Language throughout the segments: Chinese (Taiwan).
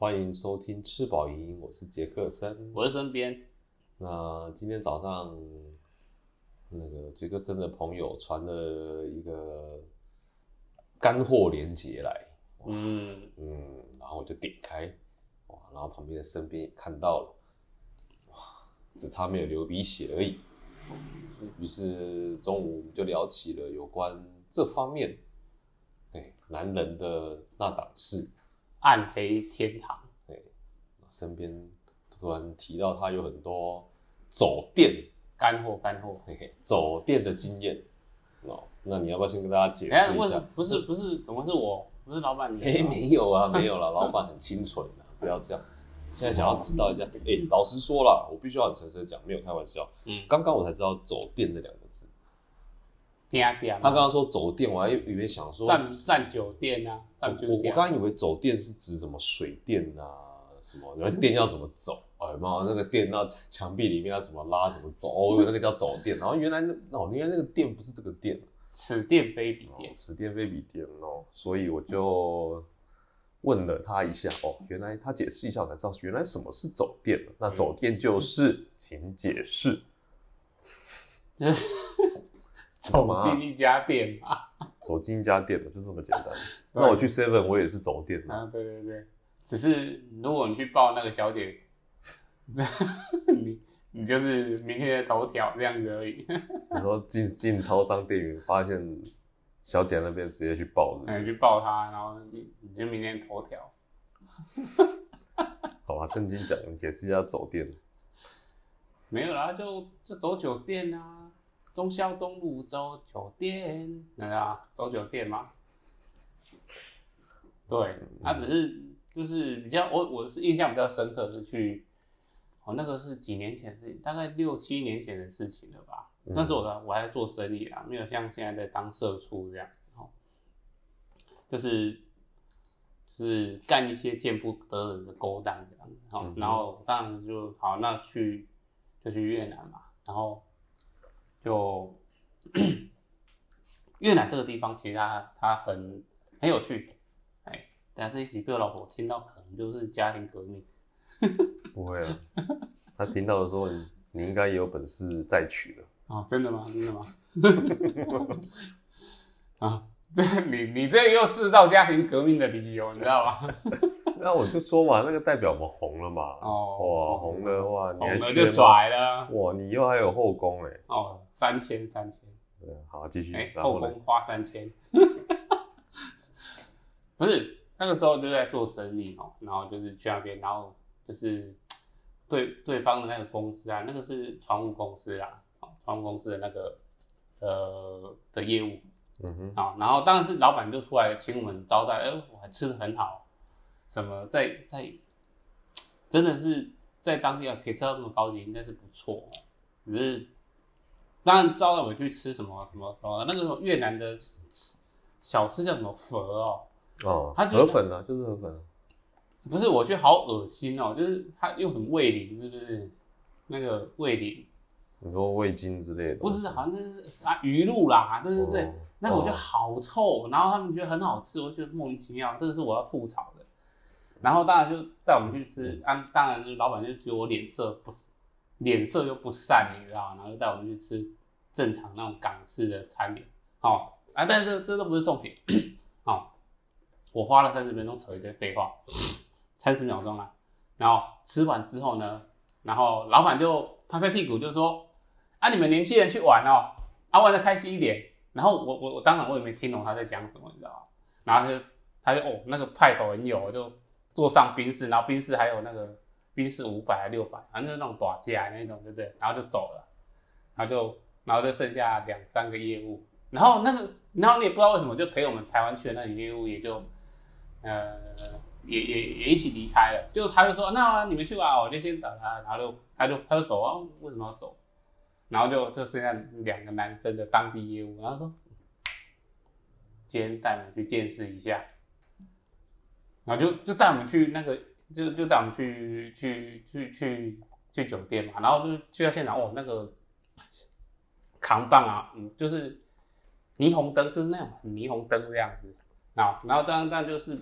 歡迎收聽吃飽營，我是傑克森，我是森編。那今天早上，那個傑克森的朋友傳了一個乾貨鏈接來，嗯嗯，然後我就點開，哇，然後旁邊的森編也看到了，哇，只差沒有流鼻血而已。於是中午我們就聊起了有關這方面，對男人的那檔事。暗黑天堂，對，身邊突然提到他有很多走店，乾貨，乾貨，嘿嘿，走店的經驗，哦，那你要不要先跟大家解釋一下？不是，不是，怎麼是我？不是老闆你有沒有？哎，沒有啊，沒有啦，老闆很清純的， 不要這樣子。現在想要知道一下，哎，老實說啦，我必須要很誠實講，沒有開玩笑。嗯，剛剛我才知道“走店”的兩個字。他剛剛說走店，我還以為想說站占、嗯、酒店啊，占酒店、啊。我我剛剛以為走電是指什麼水電啊，什麼電要怎麼走？哎媽、哦，那個電到牆壁裡面要怎麼拉，怎麼走？我 以為那個叫走電，然後原來那哦，原來那個電不是這個電，此電非彼電，此電非彼電哦。所以我就問了他一下，哦，原來他解釋一下我才知道，原來什麼是走店，那走店就是，嗯、請解釋。 走進一家店吧，走進一家店吧，就這麼簡單。 那我去 Seven，我也是走店啊。對對對，只是如果你去抱那個小姐， 你你就是明天的頭條這樣子而已。你說，進進超商，店員發現小姐那邊直接去抱、嗯、你，去抱她，然後你你就明天頭條。 好吧，正經講，你解釋一下走店。沒有啦，就就走酒店啦、啊。中宵東路走酒店，哪啊？走酒店嗎？對，那、啊、只是就是比較，我我是印象比較深刻的是去，哦，那個是幾年前的事情，大概六七年前的事情了吧。嗯、但是我的我還在做生意啊，沒有像現在在當社畜這樣哦，就是就是幹一些見不得人的勾當這樣子哦。然後當然就好，那去就去越南嘛，然後。就 越南這個地方，其實它它很很有趣，哎，但這一集被我老婆，聽到可能就是家庭革命， 不會了。他聽到的時候你，你應該也有本事再娶了。啊、哦，真的嗎？真的嗎？ 啊，這你你這又製造家庭革命的理由，你知道嗎？ 那我就說嘛，那個代表我們紅了嘛。哦。紅了的話，紅了就拽了。哇，你又還，還有後宮哎、欸。哦，三千三千。對，好，繼續。哎、欸，後宮花三千。 不是，那個時候就在做生意哦，然後就是去那邊，然後就是對對方的那個公司啊，那個是船務公司啊，船務公司的那個呃的、的業務。嗯哼。好，然後當時老闆就出來請我們招待，哎、欸，我還吃得很好。什麼在在，真的是在當地啊，可以吃到那麼高級，應該是不錯。只是當然招待我去吃什麼什麼什麼，那個什麼越南的小吃叫什麼粉哦哦，它，哦、河粉啊，就是河粉，啊。不是，我覺得好噁心哦，就是他用什麼味醂是不是？那個味醂，很多味精之類的，不是，好像那，就是啊魚露啦，對不對對，哦，那個我覺得好臭，哦，然後他們覺得很好吃，我覺得莫名其妙，這個是我要吐槽。然後當然就帶我們去吃，啊，當然老闆就覺得我臉色不，臉色又不善，你知道，然後就帶我們去吃正常那種港式的餐點，好、哦、啊，但是這這都不是重點，好、哦，我花了三十分鐘扯一堆廢話，三十秒鐘啊，然後吃完之後呢，然後老闆就拍拍屁股就說，啊你們年輕人去玩哦，啊玩的開心一點，然後我我我當然我也沒聽懂他在講什麼，你知道嗎？然後就他就哦那個派頭很有就。坐上賓士，然後賓士還有那個賓士五百還六百，反正就那種短價那種，對不對？然後就走了，然後就然後就剩下兩三個業務，然後那個然後你也不知道為什麼，就陪我們台灣去的那個業務也就，呃，也也也一起離開了，就他就說那好啊，你們去吧，我就先找他，然後就他就他就走啊，為什麼要走？然後就就剩下兩個男生的當地業務，然後說，今天帶你們去見識一下。然後就就帶我們去那個，就就帶我們去去去去去酒店嘛。然後就去到現場，哦，那個扛棒啊，嗯，就是霓虹燈，就是那種霓虹燈這樣子啊。然後當然當然就是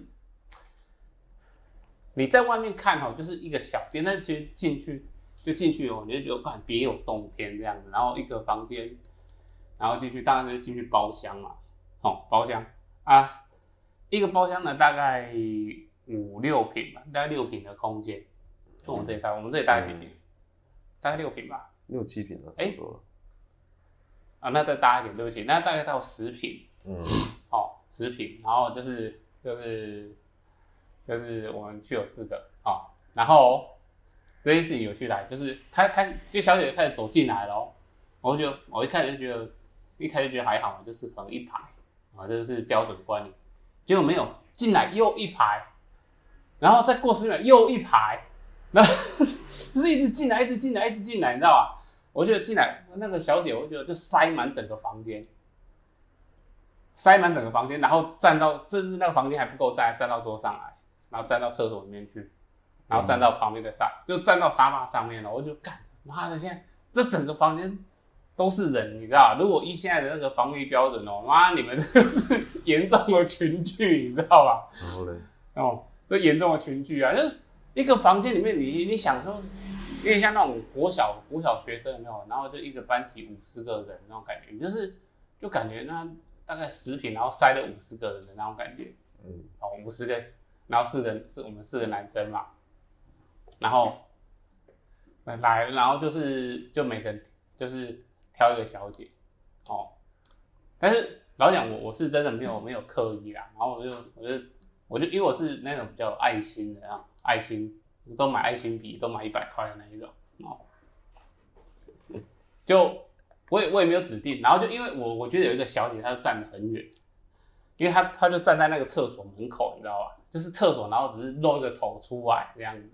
你在外面看哦，就是一個小店，但其實進去就進去哦，你就覺得別有洞天這樣子。然後一個房間，然後進去大概就進去包廂嘛，哦，包廂啊。一個包廂呢，大概五六平吧，大概六平的空間。就我們這裡啊、嗯，我們這裡大概幾平、嗯？大概六平吧，六七平了。哎、欸，啊，那再大一點，對不起，那大概，大概到十平。嗯，好、哦，十平，然後就是就是、就是、就是我們去有四個啊、哦，然後這些事情有去來，就是他開就小姐開始走進來嘍、哦，我就我一開始就覺得，一開始覺得還好嘛就是可能一排啊，這、哦、個、就是標準觀念。結果沒有，進來又一排，然後再過十秒又一排，那就是一直進來，一直進來，一直進來，你知道吧？我覺得進來那個小姐，我覺得就塞滿整個房間，塞滿整個房間，然後站到甚至那個房間還不夠站，站到桌上來，然後站到廁所裡面去，然後站到旁邊的沙、嗯，就站到沙發上面了。我就幹媽的，現在這整個房間。都是人，你知道如果依現在的那個防疫標準哦、喔，那、啊、你們這是嚴重的群聚，你知道吧？哦、oh right. 喔，這嚴重的群聚啊，就是一個房間裡面你，你你想說，有點像那種國小國小學生，有沒有，然後就一個班級五十個人那種感覺，就是就感覺那大概十坪，然後塞了五十個人的那種感覺。嗯、就是，哦，五十個、mm. 喔、個，然後四個是我們四個男生嘛，然後、嗯、來，然後就是就每個就是。挑一個小姐，哦，但是老蔣我我是真的沒有沒有刻意啦，然後我就我就我就因為我是那種比較有愛心的，啊，愛心都買愛心筆，都買一百塊的那一種哦，就我也我也沒有指定，然後就因為我我覺得有一個小姐她就站得很遠，因為她她就站在那個廁所門口，你知道吧？就是廁所，然後只是露一個頭出來這樣子，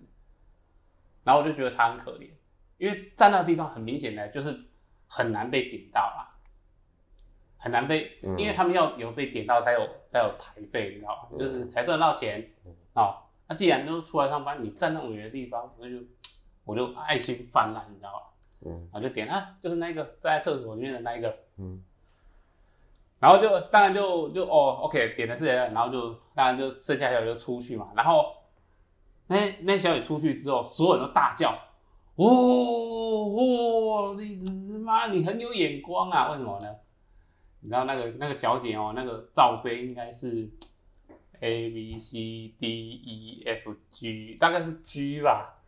然後我就覺得她很可憐，因為站那個地方很明顯的就是。很難被點到啊，很難被，嗯、因為他們要有被點到才有才有台費，你知道吧，就是才賺到錢，嗯、哦，那、啊、既然都出來上班，你站那麼遠的地方，那就我就愛心泛濫，你知道吧？嗯，然後就點啊，就是那個站在廁所裡面的那個，嗯，然後就當然就就哦，OK，點的是人家，然後就當然就剩下小雨就出去嘛，然後那那小雨出去之後，所有人都大叫，哇、哦、哇！哦哦媽，你很有眼光啊！為什麼呢？你知道那個那個小姐哦、喔，那個罩杯應該是 A B C D E F G，大概是 G 吧？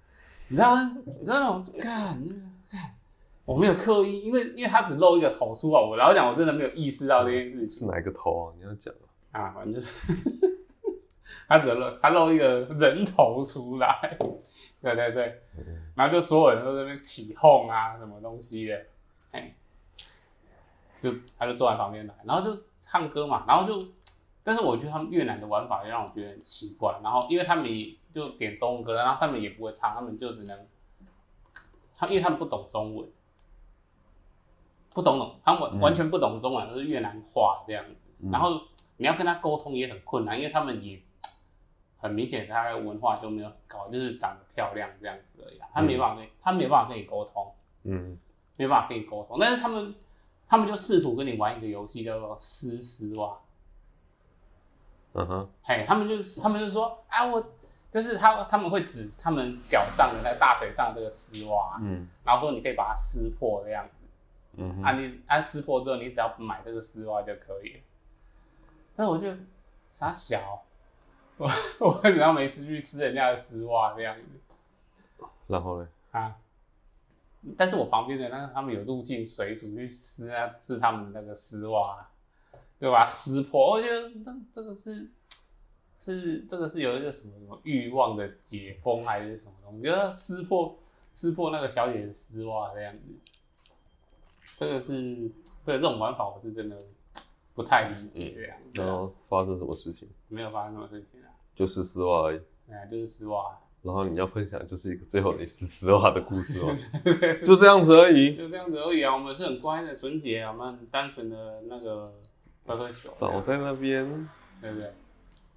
你知道 你知道嗎？看看， 我沒有刻意，因為因為他只露一個頭出來。我老講，然後講我真的沒有意識到這件事情是哪個頭啊！你要講啊？反正就是 他只露她露一個人頭出來， 對，對對對，然後就所有人都在那邊起哄啊，什麼東西的。就他就坐在旁邊來，然後就唱歌嘛，然後就，但是我覺得他們越南的玩法也讓我覺得很奇怪。然後因為他們也就點中文歌，然後他們也不會唱，他們就只能，他因為他們不懂中文，不懂懂，他們完全不懂中文，都、嗯就是越南話這樣子。然後你要跟他溝通也很困難，因為他們也很明顯，他的文化就沒有搞，就是長得漂亮這樣子而已，啊，他沒辦法跟，他沒辦法跟你溝通，嗯。沒辦法跟你溝通，但是他們，他們就試圖跟你玩一個遊戲，叫做撕絲襪。嗯哼，嘿，他們就他們就說，啊我，我就是他，他們會指他們腳上的，那大腿上的這個絲襪，嗯，然後說你可以把它撕破這樣子，嗯，啊你，你啊撕破之後，你只要買這個絲襪就可以了。但是我就傻小，我我只要沒事去，撕人家的絲襪這樣子。然後呢？啊。但是我旁邊的那個，他們有入境隨俗去撕啊，撕他們的那個絲襪，啊，對吧？撕破，我覺得這這個是，是這個是有一個什麼什麼慾望的解封還是什麼東西？我覺得撕破撕破那個小姐的絲襪，啊，這樣子，這個是對這種玩法我是真的不太理解的，啊。然，嗯，後，啊，發生什麼事情？沒有發生什麼事情啊，就是絲襪而已。嗯，就是絲襪，啊。然後你要分享就是一個最後你說的話的故事哦， 就這樣子而已，就這樣子而已啊！我們是很乖的、純潔啊，我們很單純的那個不喝酒。少在那邊，對不對？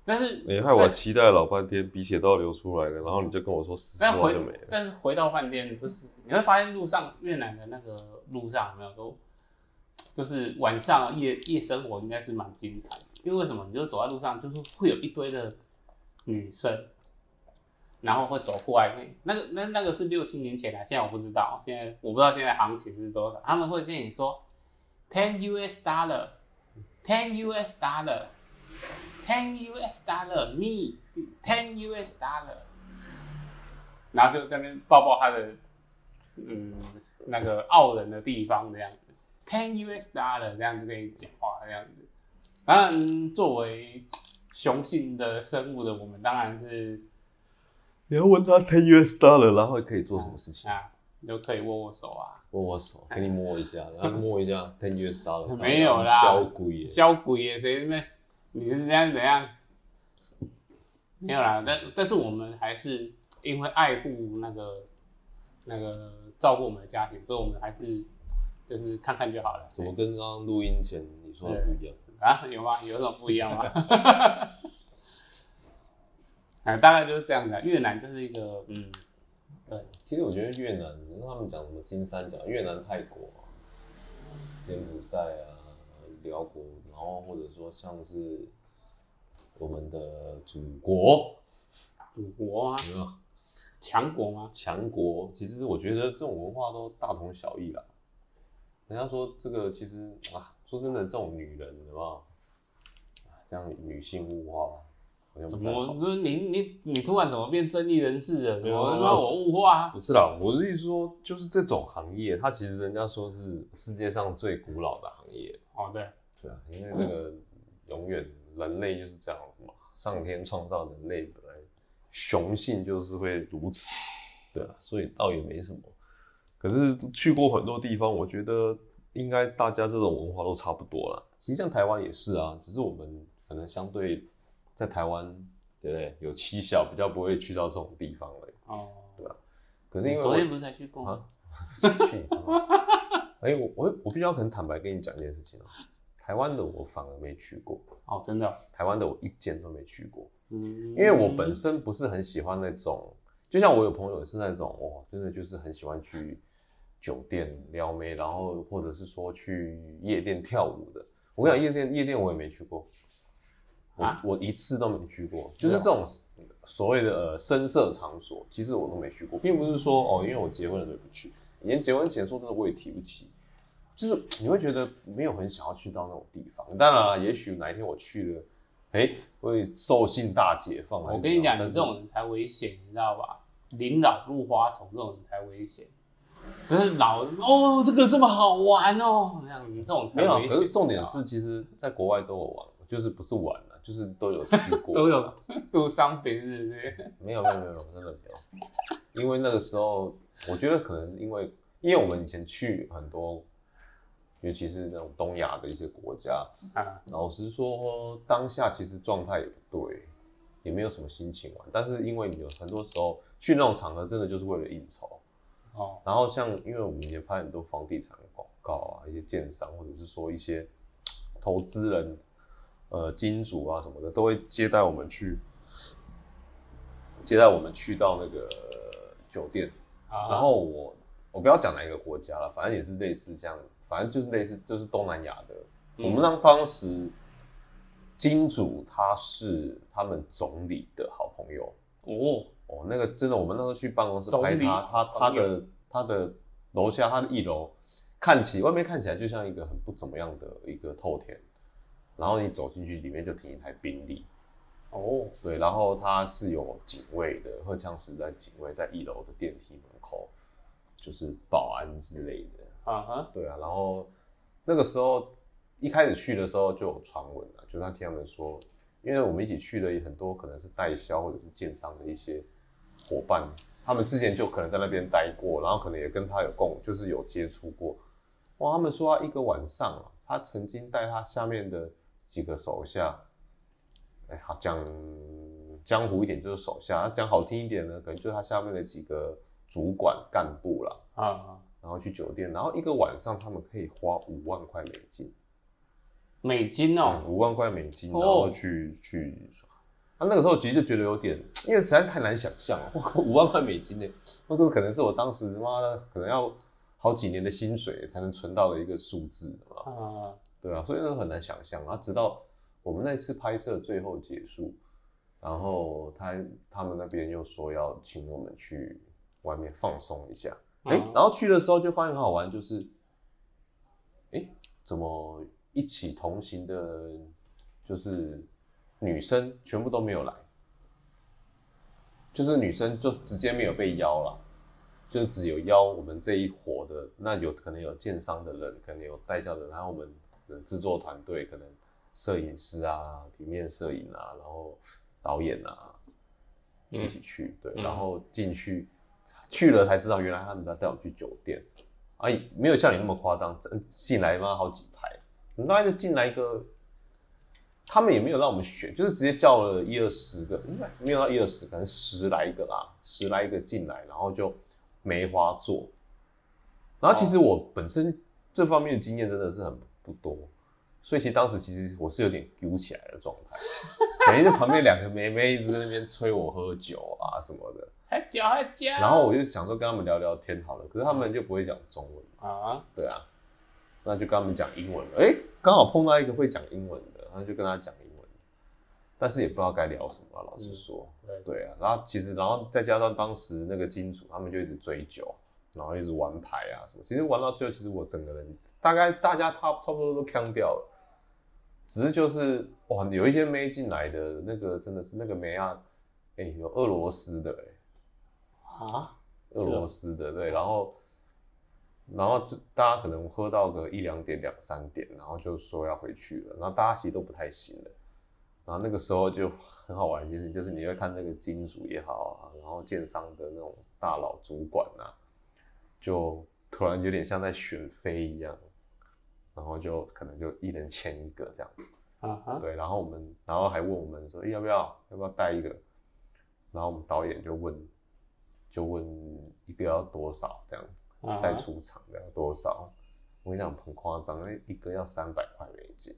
但是你、欸，害我期待老半天，鼻血都要流出來了，然後你就跟我說實話都沒了。但是回，但是回到飯店，就是你會發現路上越南的那個路上有沒有都，就是晚上夜夜生活應該是蠻精彩的，因為為什麼？你就走在路上，就是會有一堆的女生。然後會走過來，那個、那、那個是六七年前了，啊，現在我不知道。現在我不知道現在行情是多少。他們會跟你說，ten U.S. dollar，ten U.S. dollar，ten U.S. dollar me，ten U.S. dollar。$10, $10, $10, $10, $10, me, $10. 然後就在那邊抱抱他的，嗯，那個傲人的地方的樣子，ten U.S. dollar 這樣子跟你講話，這樣子。當然，作為雄性的生物的我們，當然是。嗯你要問他 ten US dollar 然後可以做什麼事情啊？啊你就可以握握手啊？握握手，給你摸一下，然 後摸一下 ten US dollar 沒有啦，小鬼，小、啊、鬼，誰他你是這樣怎樣？沒有啦，但但是我們還是因為愛護那個那個照顧我們的家庭，所以我們還是就是看看就好了。怎麼跟剛剛錄音前你說的不一樣啊？有嗎？有什麼不一樣嗎？ 啊、大概就是這樣的，越南就是一個嗯，對。其實我覺得越南，他們講什麼金三角，越南、泰國、啊、柬埔寨啊，寮國，然後或者說像是我們的祖國，祖國啊，強國嗎？強國，其實我覺得這種文化都大同小異啦。人家說這個其實啊，說真的，這種女人有沒有？啊，這樣女性物化。怎麼？你你你突然怎麼變正義人士了？哦、有我他媽我物化、啊？不是啦，我的意思說，就是這種行業，它其實人家說是世界上最古老的行業。哦，對，對啊，因為那個永遠人類就是這樣嘛，上天創造人類本來雄性就是會如此，對啊，所以倒也沒什麼。可是去過很多地方，我覺得應該大家這種文化都差不多了。其實像台灣也是啊，只是我們可能相對。在台灣，對不對？有妻小比較不會去到這種地方嘞，哦，對吧？可是因為昨天不是才去過嗎？才 去。哎、 欸，我我我必須要很坦白跟你講一件事情哦，台灣的我反而沒去過哦，真的，台灣的我一間都沒去過，嗯，因為我本身不是很喜歡那種，就像我有朋友也是那種，哦，真的就是很喜歡去酒店撩妹，然後或者是說去夜店跳舞的。我跟你講，夜店，嗯、夜店我也沒去過。啊、我，我一次都沒去過，就是這種所謂的呃聲色場所，其實我都沒去過，並不是說哦、喔，因為我結婚了所以不去，連結婚前說真的我也提不起，就是你會覺得沒有很想要去到那種地方。當然了、啊，也許哪一天我去了，哎、欸，會獸性大解放。我跟你講，的這種人才危險，你知道吧？臨老入花叢，這種人才危險。只 是老哦，這個這麼好玩哦，這樣你這種才危險。沒有，可是重點是其實在國外都有玩，就是不是玩。就是都有去過，都有度商平日這沒有沒有沒有，真的沒有。因為那個時候，我覺得可能因為，因為我們以前去很多，尤其是那種東亞的一些國家。老實說，當下其實狀態也不對，也沒有什麼心情玩。但是因為你有很多時候去那種場合，真的就是為了應酬。哦，然後像因為我們也拍很多房地產的廣告啊，一些建商或者是說一些投資人。呃，金主啊什麼的都會接待我們去，接待我們去到那個酒店。啊、然後我我不要講哪一個國家了，反正也是類似這樣，反正就是類似就是東南亞的、嗯。我們當當時金主他是他們總理的好朋友哦哦，那個真的，我們那時候去辦公室拍他，他他的他，他的樓下他的一樓，看起外面看起來就像一個很不怎麼樣的一個透天。然後你走進去，裡面就停一台賓利，哦、oh.，對，然後他是有警衛的，荷槍是在警衛，在一樓的電梯門口，就是保安之類的，啊哈，對啊，然後那個時候一開始去的時候就有傳聞了，就是他聽他們說，因為我們一起去的也很多可能是代銷或者是建商的一些伙伴，他們之前就可能在那邊待過，然後可能也跟他有共，就是有接觸過，哇，他們說、啊、一個晚上啊，他曾經帶他下面的。幾個手下，好講江湖一點就是手下，講好聽一點呢，可能就是他下面的幾個主管幹部啦。啊、嗯。然後去酒店，然後一個晚上他們可以花五萬塊美金，美金哦、喔，五萬塊美金，然後去、Oh. 去、啊、那個時候其實就覺得有點，因為實在是太難想象了，五萬塊美金呢，那個可能是我當時媽的，可能要好幾年的薪水才能存到的一個數字啊。嗯對啊，所以那很難想象啊。直到我們那次拍攝最後結束，然後他他們那邊又說要請我們去外面放鬆一下，哎、欸，然後去的時候就發現很好玩，就是，哎、欸，怎麼一起同行的，就是女生全部都沒有來，就是女生就直接沒有被邀了，就只有邀我們這一夥的，那有可能有建商的人，可能有代銷的人，然後我們。製作團隊可能攝影師啊、平面攝影啊，然後導演啊、嗯、一起去對、嗯，然後進去去了才知道，原來他們在帶我們去酒店啊，沒有像你那麼誇張，進來嘛，好幾排，你大概就進來一個，他們也沒有讓我們選，就是直接叫了一二十個，應、嗯、該沒有到一二十個，可能十來個啦，十來個進來，然後就梅花座。然後其實我本身、哦、這方面的經驗真的是很多，所以其實當時其實我是有點丟起來的狀態，等於就旁邊兩個妹妹一直在那邊催我喝酒啊什麼的，喝酒喝酒。然後我就想說跟他們聊聊天好了，可是他們就不會講中文啊、嗯，對啊，那就跟他們講英文了。欸、剛好碰到一個會講英文的，然後就跟他講英文，但是也不知道該聊什麼、啊，老實說，對啊。然後其實然後再加上當時那個金主他們就一直追酒。然後一直玩牌啊什麼，其實玩到最後，其實我整個人大概大家差差不多都鏘掉了，只是就是哇，有一些沒進來的那個真的是那個沒、欸欸、啊，哎有俄羅斯的哎，啊俄羅斯的對，然後然後就大家可能喝到個一兩點兩三點，然後就說要回去了，然後大家其實都不太行了，然後那個時候就很好玩，其實就是你會看那個金主也好啊，然後建商的那種大佬主管呐、啊。就突然有點像在選妃一樣，然後就可能就一人簽一個這樣子，uh -huh. 對，然後我們，然後還問我們說，欸、要不要，要不要帶一個，然後我們導演就問，就問一個要多少這樣子，帶出場的要多少，uh -huh. 我跟你講很誇張，那、uh -huh. 一個要三百塊美金，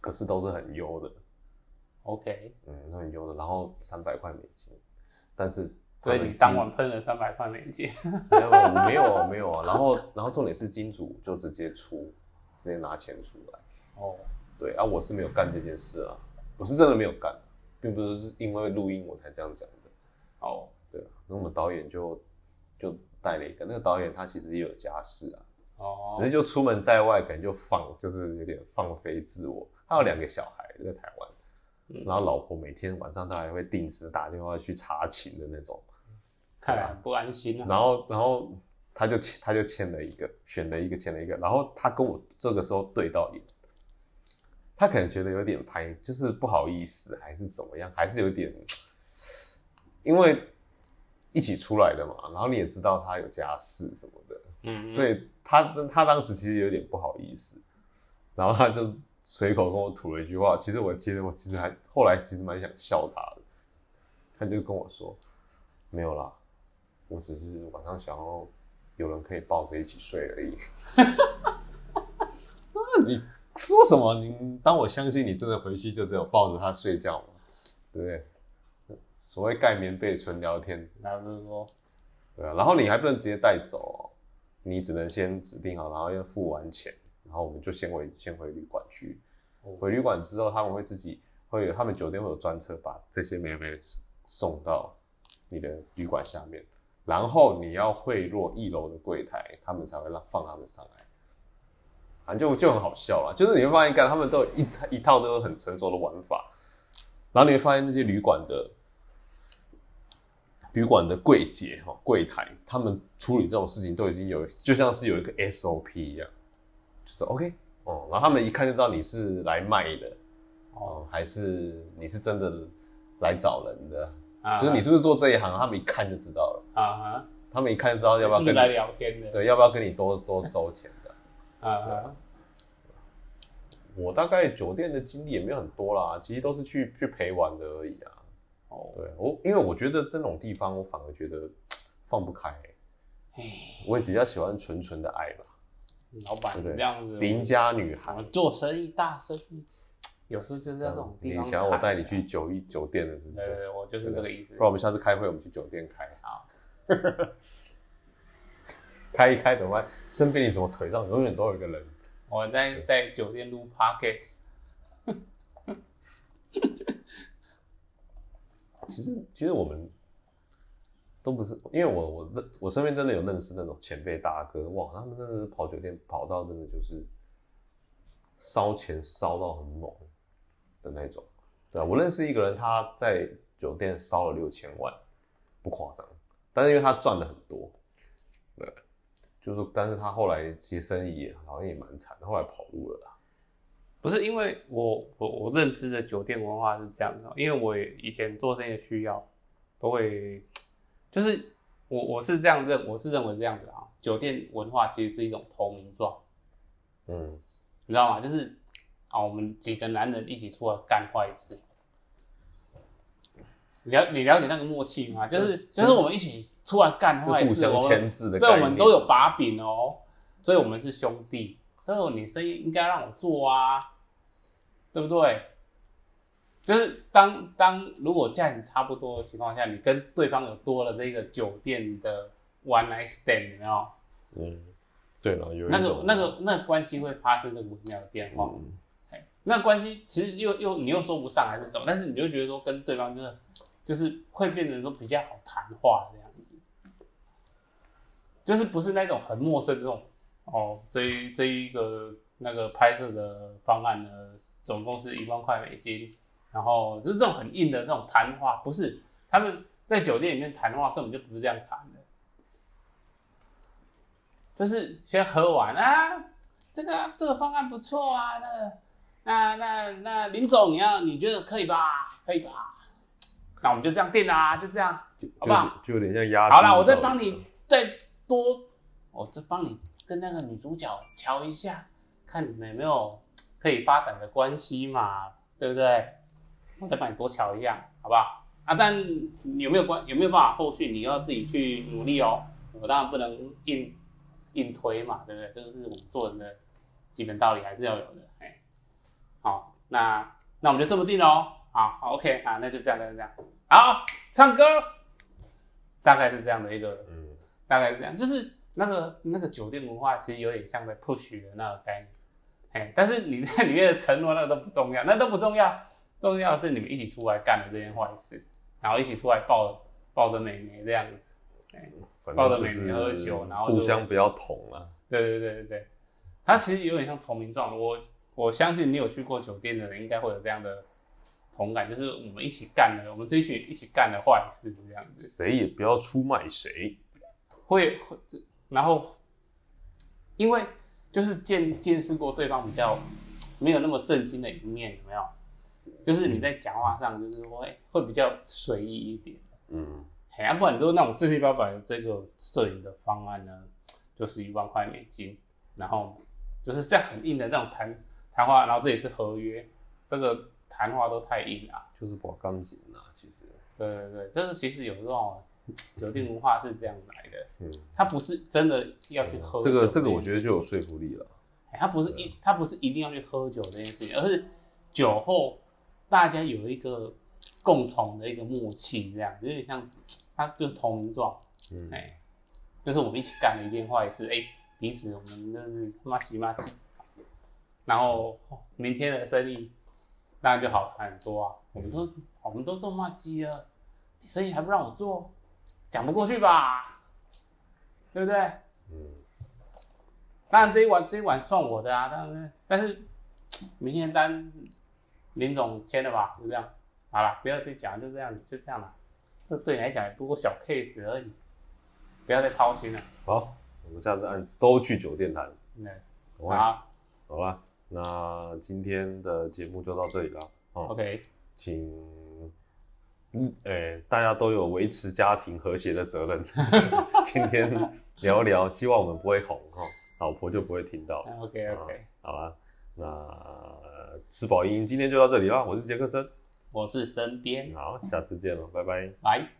可是都是很優的，OK，嗯，是很優的，然後三百塊美金，但是。所以你當晚噴了三百塊美金？沒有沒、啊、有沒有啊！然後然後重點是金主就直接出，直接拿錢出來。哦、oh.，對啊，我是沒有幹這件事啊，我是真的沒有幹，並不是因為錄音我才這樣講的。哦、oh.，對那我們導演就就帶了一個，那個導演他其實也有家室啊。哦、oh.，只是就出門在外，感覺就放就是有點放飛自我，他有兩個小孩在台灣，oh. 然後老婆每天晚上他還會定時打電話去查寢的那種。太不安心了。然後，然後他就簽，他就簽了一個，選了一個，簽了一個。然後他跟我這個時候對到眼，他可能覺得有點拍，就是不好意思還是怎麼樣，還是有點，因為一起出來的嘛。然後你也知道他有家室什麼的，嗯，所以他他當時其實有點不好意思。然後他就隨口跟我吐了一句話，其實我其實，我其實還後來其實蠻想笑他的。他就跟我說，沒有啦。我只是晚上想要有人可以抱着一起睡而已。那 你說什麼？你當我相信你真的回去就只有抱着他睡覺嗎？對 不對？所謂蓋棉被純聊天。然、啊、後、就是、說，對啊，然後你還不能直接帶走，你只能先指定好，然後要付完錢，然後我們就先回先回旅館去、哦。回旅館之後，他們會自己會有他們酒店會有專車把這些妹妹送到你的旅館下面。然後你要賄賂一樓的櫃台，他們才會讓放他們上來，反正就就很好笑了。就是你會發現，幹他們都有一套一套都很成熟的玩法。然後你會發現，那些旅館的旅館的櫃姐哈、哦、櫃台，他們處理這種事情都已經有，就像是有一個 SOP 一樣，就是 OK 哦、嗯。然後他們一看就知道你是來賣的哦、嗯，還是你是真的來找人的啊、嗯？就是你是不是做這一行？他們一看就知道。啊哈！他們一看就知道要不要跟你聊天。對，要不要跟你多多收錢的？Uh -huh. 啊我大概酒店的經歷也沒有很多啦，其實都是去去陪玩的而已啊。哦、oh.，對我，因為我覺得這種地方，我反而覺得放不開、欸。哎、hey.，我也比較喜歡純純的愛吧。老闆，這樣子鄰家女孩，做生意大生意，有時候就是要這種地方、嗯。你想要我帶你去酒一、嗯、酒店的是不是？對，對，對，我就是這個意思。那個、不然我們下次開會，我們去酒店開好。 開一開怎麼辦？身邊你怎麼腿上永遠都有一個人？我在在酒店擼 Pockets。其實其實我們都不是，因為我我我身邊真的有認識那種前輩大哥，哇，他們真的是跑酒店跑到真的就是燒錢燒到很猛的那種，對啊，我認識一個人，他在酒店燒了六千萬，不誇張。但是因為他賺的很多，呃，就是，但是他後來其實生意也好像也蠻慘，後來跑路了啦。不是，因為我我我認知的酒店文化是這樣的，因為我以前做生意的需要，都會，就是我我是這樣認，我是認為這樣子啊，酒店文化其實是一種投名狀，嗯，你知道嗎？就是啊，我們幾個男人一起出來幹壞事。了你了解那個默契嗎？嗯、就是就是我們一起出來幹壞事，我、嗯、們、喔、對，我們都有把柄哦、喔，所以我們是兄弟，所以你生意應該讓我做啊，對不對？就是當當如果價錢差不多的情況下，你跟對方有多了這個酒店的 one night stand，有沒有？嗯，對了，有那個那個那關係會發生這個微妙的變化？嗯、那關係其實又又你又說不上還是什麼，但是你就覺得說跟對方就是。就是會變成說比較好談話這樣子，就是不是那種很陌生的那種哦。這這一個那個拍攝的方案呢，總共是一萬塊美金，然後就是這種很硬的那種談話，不是他們在酒店裡面談的話，根本就不是這樣談的，就是先喝完啊，這個這個方案不錯啊，那那那那那林總，你要你覺得可以吧？可以吧？那我們就這樣定啦、啊，就這樣就，好不好？就，就有點像壓好啦，我再幫你再多，哦、我再幫你跟那個女主角敲一下，看你們有沒有可以發展的關係嘛，對不對？我再幫你多敲一下，好不好？啊，但有沒有關？有沒有辦法後續你要自己去努力哦。嗯、我當然不能硬硬推嘛，對不對？這、就、個是我們做人的基本道理，還是要有的。哎、欸，好，那那我們就這麼定了哦。好，好，OK，、啊、那就這樣，那就這樣，這樣。好，唱歌，大概是這樣的一個，嗯，大概是這樣，就是那個那個酒店文化其實有點像在 push 那個梗，哎、欸，但是你在裡面的承諾那個都不重要，那都不重要，重要的是你們一起出來幹的這件壞事，然後一起出來抱抱着美眉這樣子，哎、欸就是，抱着美眉喝酒，然後互相不要捅了、啊，對對對對對，它其實有點像投名狀，我我相信你有去過酒店的人應該會有這樣的。同感，就是我們一起幹的，我們這一群一起幹的壞事、就是，這樣子。誰也不要出賣誰，會，然後，因為就是見見識過對方比較沒有那麼震驚的一面，有沒有？就是你在講話上就是會，嗯欸，會比較隨意一點，嗯。很，要，啊，不然就那種正經八百的這個攝影的方案呢，就是一萬塊美金，然後就是在很硬的那種談談話，然後這裡是合約，這個。談話都太硬了，啊，就是把鋼琴了其實，對對對，這個其實有時候酒店文化是這樣來的。嗯，它不是真的要去喝酒，嗯、這個，這個我覺得就有說服力了。它不是一，它不是一定要去喝酒這件事情，而是酒後大家有一個共同的一個默契，這樣有點像他就是投名狀。嗯，哎、欸，就是我們一起幹了一件壞事，哎、欸，彼此我們就是麻吉麻吉，然後明天的生意，那就好很多啊！我們都、嗯、我們都做麻吉了，你生意還不讓我做，講不過去吧？對不對？嗯。當然這一晚這一晚算我的啊，當然是，但是但是明天單林總簽的吧，就這樣。好了，不要去講，就這樣，就這樣了。這對你來講也不過小 case 而已，不要再操心了、啊。好，我們下次案子都去酒店談。嗯。好吧，好啦。好啦那今天的節目就到這裡了、嗯。OK，請，嗯、欸，大家都有維持家庭和諧的責任。 今天聊一聊，希望我們不會吼。吼、哦，老婆就不會聽到。OK OK，好吧，那吃飽音，音今天就到這裡了。我是杰克森，我是森編，好，下次見了，拜拜，拜。